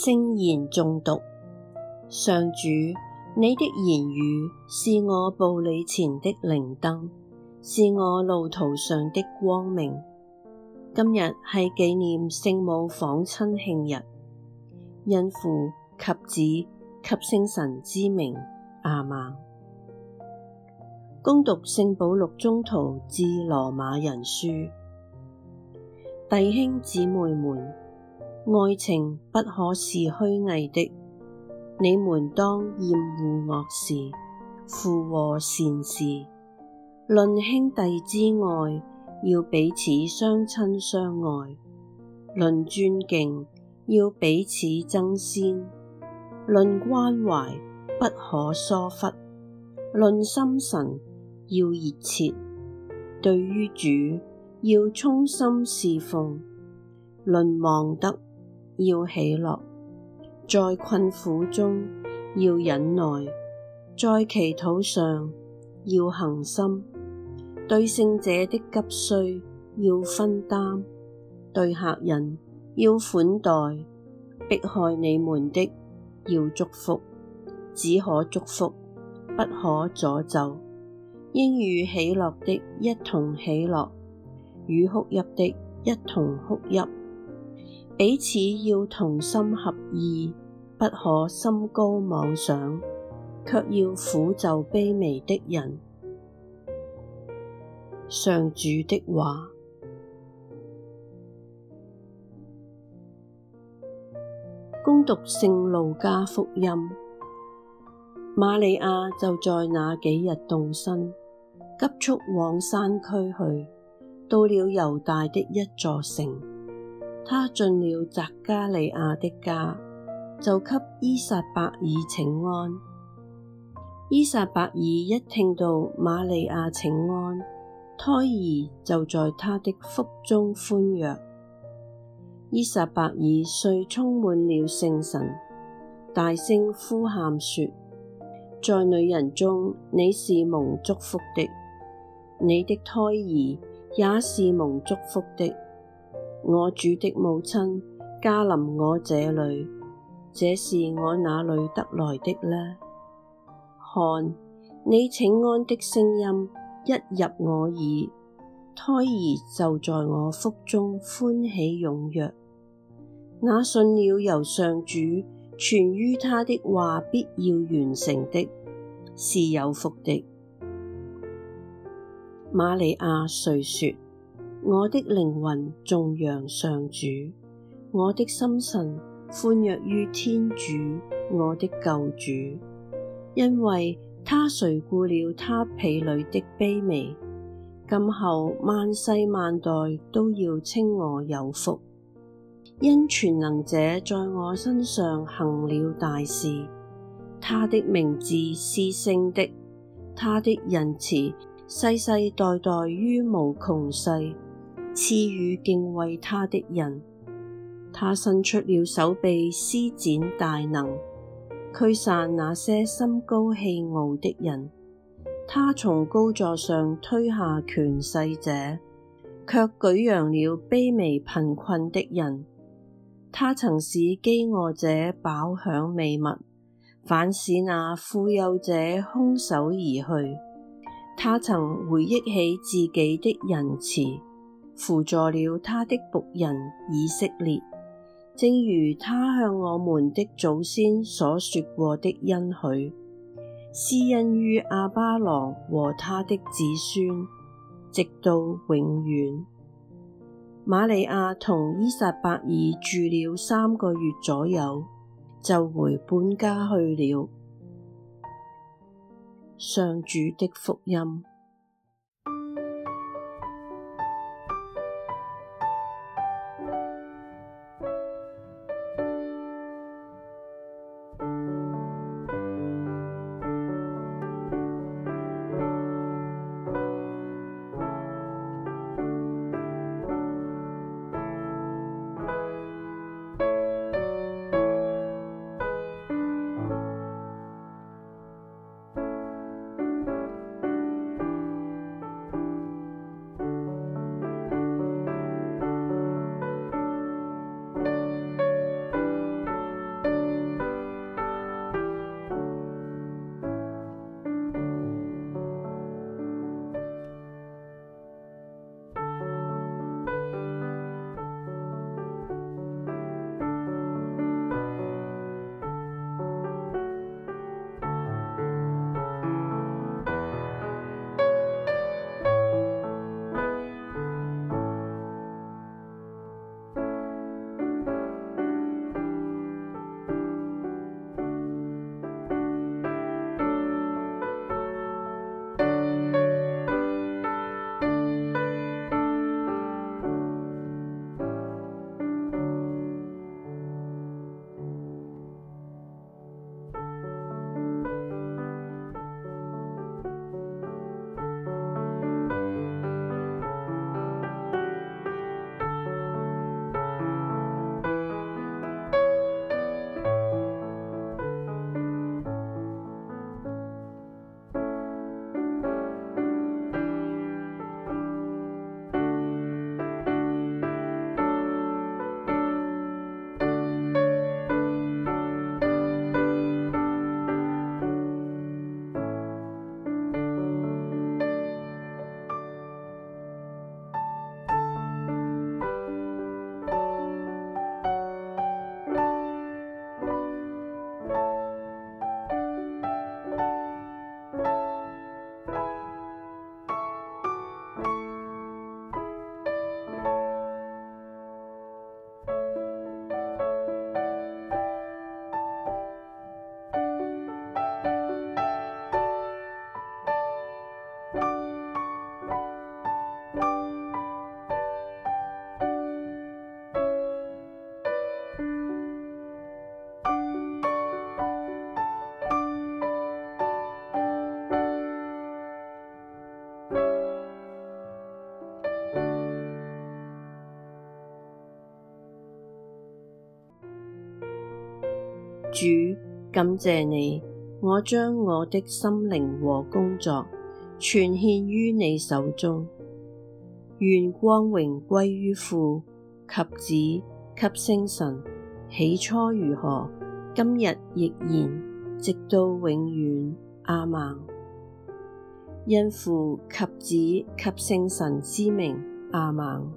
聖言誦讀，上主，你的言語是我步履前的靈燈，是我路途上的光明。今日係紀念聖母訪親慶日，因父及子及聖神之名，阿瑪。恭讀聖保祿宗徒致羅馬人書，弟兄姊妹們。愛情不可是虛偽的。你們當厭惡惡事，附和善事。論兄弟之愛，要彼此相親相愛。論尊敬，要彼此爭先。論關懷，不可疏忽。論心神，要熱切。對於主，要衷心事奉。論望德。要喜樂，在困苦中要忍耐，在祈禱上要恒心，對聖者的急需要分擔，對客人要款待，迫害你們的要祝福，只可祝福，不可詛咒。應與喜樂的一同喜樂，與哭泣的一同哭泣。彼此要同心合意，不可心高妄想，卻要俯就卑微的人。上主的話。恭讀聖路加福音。瑪利亞就在那幾日動身，急速往山區去，到了猶大的一座城。她進了匝加利亞的家，就給依撒伯爾請安。依撒伯爾一聽到瑪利亞請安，胎兒就在她的腹中歡躍。依撒伯爾遂充滿了聖神，大聲呼喊說：在女人中你是蒙祝福的，你的胎兒也是蒙祝福的。我主的母親，駕臨我這裏，這是我哪裏得來的呢？看，你請安的聲音一入我耳，胎兒就在我腹中歡喜踴躍。那信了由上主傳於他的話必要完成的，是有福的。瑪利亞遂說。我的靈魂頌揚上主，我的心神歡躍於天主，我的救主，因為他垂顧了他婢女的卑微，今後萬世萬代都要稱我有福，因全能者在我身上行了大事，他的名字是聖的，他的仁慈世世代代於無窮世。賜予敬畏他的人，他伸出了手臂施展大能，驅散那些心高氣傲的人。他從高座上推下權勢者，卻舉揚了卑微貧困的人。他曾使饑餓者飽享美物，反使那富有者空手而去。他曾回憶起自己的仁慈。扶助了他的僕人以色列，正如他向我們的祖先所說過的恩許，施恩於亞巴郎和他的子孫，直到永遠。瑪利亞同依撒伯爾住了三個月左右，就回本家去了。上主的福音。主，感謝你，我將我的心靈和工作全獻於你手中。願光榮歸於父及子及聖神，起初如何，今日亦然，直到永遠。阿孟。因父及子及聖神之名。阿孟。